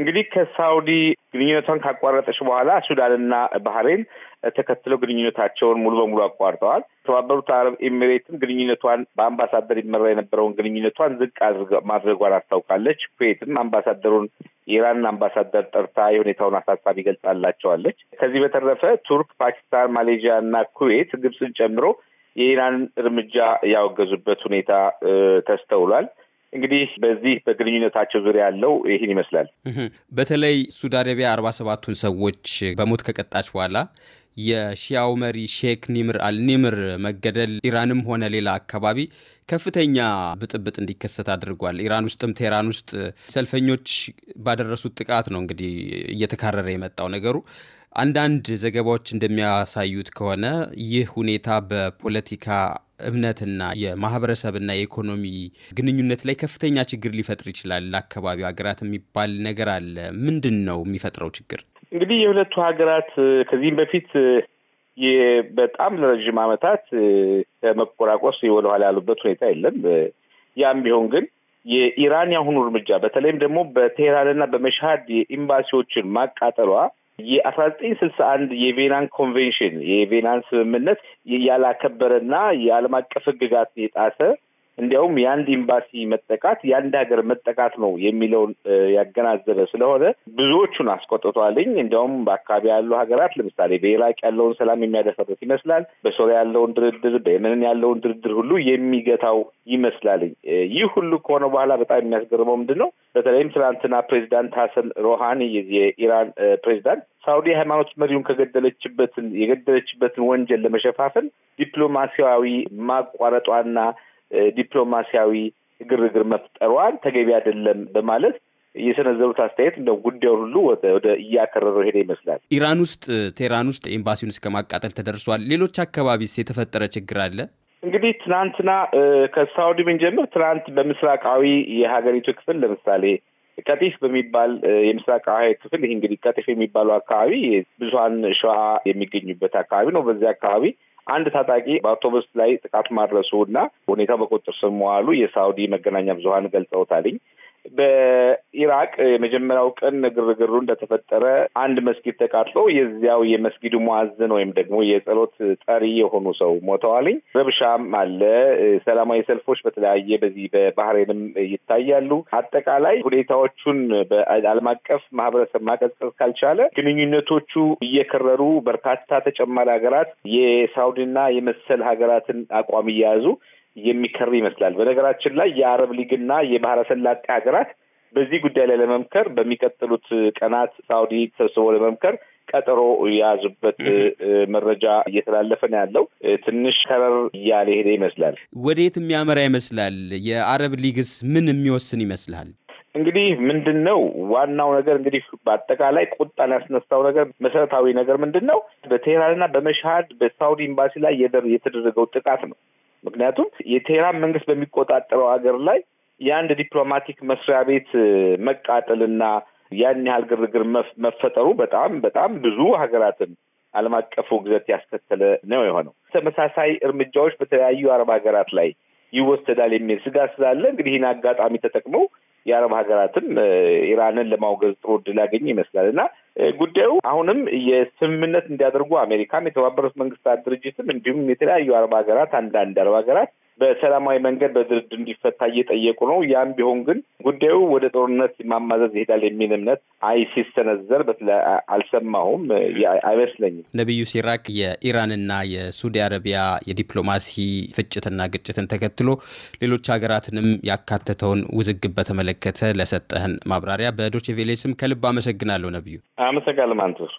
እንግዲህ ከሳውዲ ግንኙነቷን ካቋረጠች በኋላ ሱዳንና ባህሬን ተከትለው ግንኙነታቸውን ሙሉ በሙሉ አቋርጠዋል። የተባበሩት አረብ ኤሚሬትም ግንኙነቷን በአምባሳደር ይመራ የነበረውን ግንኙነቷን ዝቅ ማድረጓን አስታውቃለች። ኩዌትም አምባሳደሩን የኢራን አምባሳደር ጠርታ የሁኔታውን አሳሳቢ ገልጻላቸዋለች። ከዚህ በተረፈ ቱርክ፣ ፓኪስታን፣ ማሌዥያ እና ኩዌት ግብፅን ጨምሮ የኢራን እርምጃ ያወገዙበት ሁኔታ ተስተውሏል። እንግዲህ በዚህ በግንኙነታቸው ዙሪያ ያለው ይህን ይመስላል። በተለይ ሳውዲ አረቢያ አርባ ሰባቱን ሰዎች በሞት ከቀጣች በኋላ የሺያው መሪ ሼክ ኒምር አልኒምር መገደል ኢራንም ሆነ ሌላ አካባቢ ከፍተኛ ብጥብጥ እንዲከሰት አድርጓል። ኢራን ውስጥም ቴህራን ውስጥ ሰልፈኞች ባደረሱት ጥቃት ነው እንግዲህ እየተካረረ የመጣው ነገሩ። አንዳንድ ዘገባዎች እንደሚያሳዩት ከሆነ ይህ ሁኔታ በፖለቲካ እምነትና የማህበረሰብና የኢኮኖሚ ግንኙነት ላይ ከፍተኛ ችግር ሊፈጥር ይችላል ለአካባቢው ሀገራት የሚባል ነገር አለ። ምንድን ነው የሚፈጥረው ችግር? እንግዲህ የሁለቱ ሀገራት ከዚህም በፊት በጣም ለረዥም ዓመታት ከመቆራቆስ ወደኋላ ያሉበት ሁኔታ የለም። ያም ቢሆን ግን የኢራን ያሁኑ እርምጃ በተለይም ደግሞ በቴህራንና በመሻሀድ የኤምባሲዎችን ማቃጠሏ የአስራ ዘጠኝ ስልሳ አንድ የቬናን ኮንቬንሽን የቬናን ስምምነት ያላከበረና የዓለም አቀፍ ህግጋት የጣሰ እንዲያውም የአንድ ኤምባሲ መጠቃት የአንድ ሀገር መጠቃት ነው የሚለውን ያገናዘበ ስለሆነ ብዙዎቹን አስቆጥቷልኝ። እንዲያውም በአካባቢ ያሉ ሀገራት ለምሳሌ በኢራቅ ያለውን ሰላም የሚያደፈርስ ይመስላል። በሶሪያ ያለውን ድርድር፣ በየመንን ያለውን ድርድር ሁሉ የሚገታው ይመስላልኝ። ይህ ሁሉ ከሆነ በኋላ በጣም የሚያስገርመው ምንድን ነው? በተለይም ትናንትና ፕሬዚዳንት ሀሰን ሮሃኒ የኢራን ፕሬዚዳንት ሳውዲ ሃይማኖት መሪውን ከገደለችበትን የገደለችበትን ወንጀል ለመሸፋፈን ዲፕሎማሲያዊ ማቋረጧና ዲፕሎማሲያዊ ግርግር መፍጠሯን ተገቢ አይደለም በማለት የሰነዘሩት አስተያየት እንደ ጉዳዩን ሁሉ ወደ እያከረረ ሄደ ይመስላል። ኢራን ውስጥ ቴህራን ውስጥ ኤምባሲውን እስከ ማቃጠል ተደርሷል። ሌሎች አካባቢስ የተፈጠረ ችግር አለ? እንግዲህ ትናንትና ከሳውዲ ብንጀምር ትናንት በምስራቃዊ የሀገሪቱ ክፍል ለምሳሌ ቀጢፍ በሚባል የምስራቃዊ ክፍል ይህ እንግዲህ ቀጢፍ የሚባለው አካባቢ ብዙሀን ሸዋ የሚገኙበት አካባቢ ነው። በዚህ አካባቢ አንድ ታጣቂ በአውቶቡስ ላይ ጥቃት ማድረሱ እና ሁኔታው በቁጥጥር ስር መዋሉ የሳውዲ መገናኛ ብዙኃን ገልጸውታልኝ። በኢራቅ የመጀመሪያው ቀን ግርግሩ እንደተፈጠረ አንድ መስጊድ ተቃጥሎ የዚያው የመስጊዱ ሙአዝን ወይም ደግሞ የጸሎት ጠሪ የሆኑ ሰው ሞተዋልኝ። ረብሻም አለ። ሰላማዊ ሰልፎች በተለያየ በዚህ በባህሬንም ይታያሉ። አጠቃላይ ሁኔታዎቹን በዓለም አቀፍ ማህበረሰብ ማቀዝቀዝ ካልቻለ ግንኙነቶቹ እየከረሩ በርካታ ተጨማሪ ሀገራት የሳውዲና የመሰል ሀገራትን አቋም እያያዙ የሚከር ይመስላል። በነገራችን ላይ የአረብ ሊግና የባህረ ሰላጤ ሀገራት በዚህ ጉዳይ ላይ ለመምከር በሚቀጥሉት ቀናት ሳውዲ ተሰብስቦ ለመምከር ቀጠሮ የያዙበት መረጃ እየተላለፈ ነው ያለው። ትንሽ ከረር እያለ ሄደ ይመስላል። ወዴት የሚያመራ ይመስላል? የአረብ ሊግስ ምን የሚወስን ይመስላል? እንግዲህ ምንድን ነው ዋናው ነገር እንግዲህ በአጠቃላይ ቁጣን ያስነሳው ነገር መሰረታዊ ነገር ምንድን ነው? በቴህራንና በመሻሃድ በሳውዲ ኤምባሲ ላይ የተደረገው ጥቃት ነው። ምክንያቱም የቴህራን መንግስት በሚቆጣጠረው ሀገር ላይ የአንድ ዲፕሎማቲክ መስሪያ ቤት መቃጠልና ያን ያህል ግርግር መፈጠሩ በጣም በጣም ብዙ ሀገራትን ዓለም አቀፉ ግዘት ያስከተለ ነው የሆነው። ተመሳሳይ እርምጃዎች በተለያዩ አረብ ሀገራት ላይ ይወሰዳል የሚል ስጋት ስላለ እንግዲህ ይህን አጋጣሚ ተጠቅመው የአረብ ሀገራትም ኢራንን ለማውገዝ ጥሩ እድል ያገኝ ይመስላል እና ጉዳዩ አሁንም የስምምነት እንዲያደርጉ አሜሪካም የተባበሩት መንግስታት ድርጅትም እንዲሁም የተለያዩ አረብ ሀገራት አንዳንድ አረብ ሀገራት በሰላማዊ መንገድ በድርድር እንዲፈታ እየጠየቁ ነው። ያም ቢሆን ግን ጉዳዩ ወደ ጦርነት ማማዘዝ ይሄዳል የሚል እምነት አይ ሲሰነዘር አልሰማሁም፣ አይመስለኝም። ነቢዩ ሲራክ የኢራንና የሳውዲ አረቢያ የዲፕሎማሲ ፍጭትና ግጭትን ተከትሎ ሌሎች ሀገራትንም ያካተተውን ውዝግብ በተመለከተ ለሰጠህን ማብራሪያ በዶቼ ቬሌ ስም ከልብ አመሰግናለሁ። ነቢዩ አመሰግናለሁ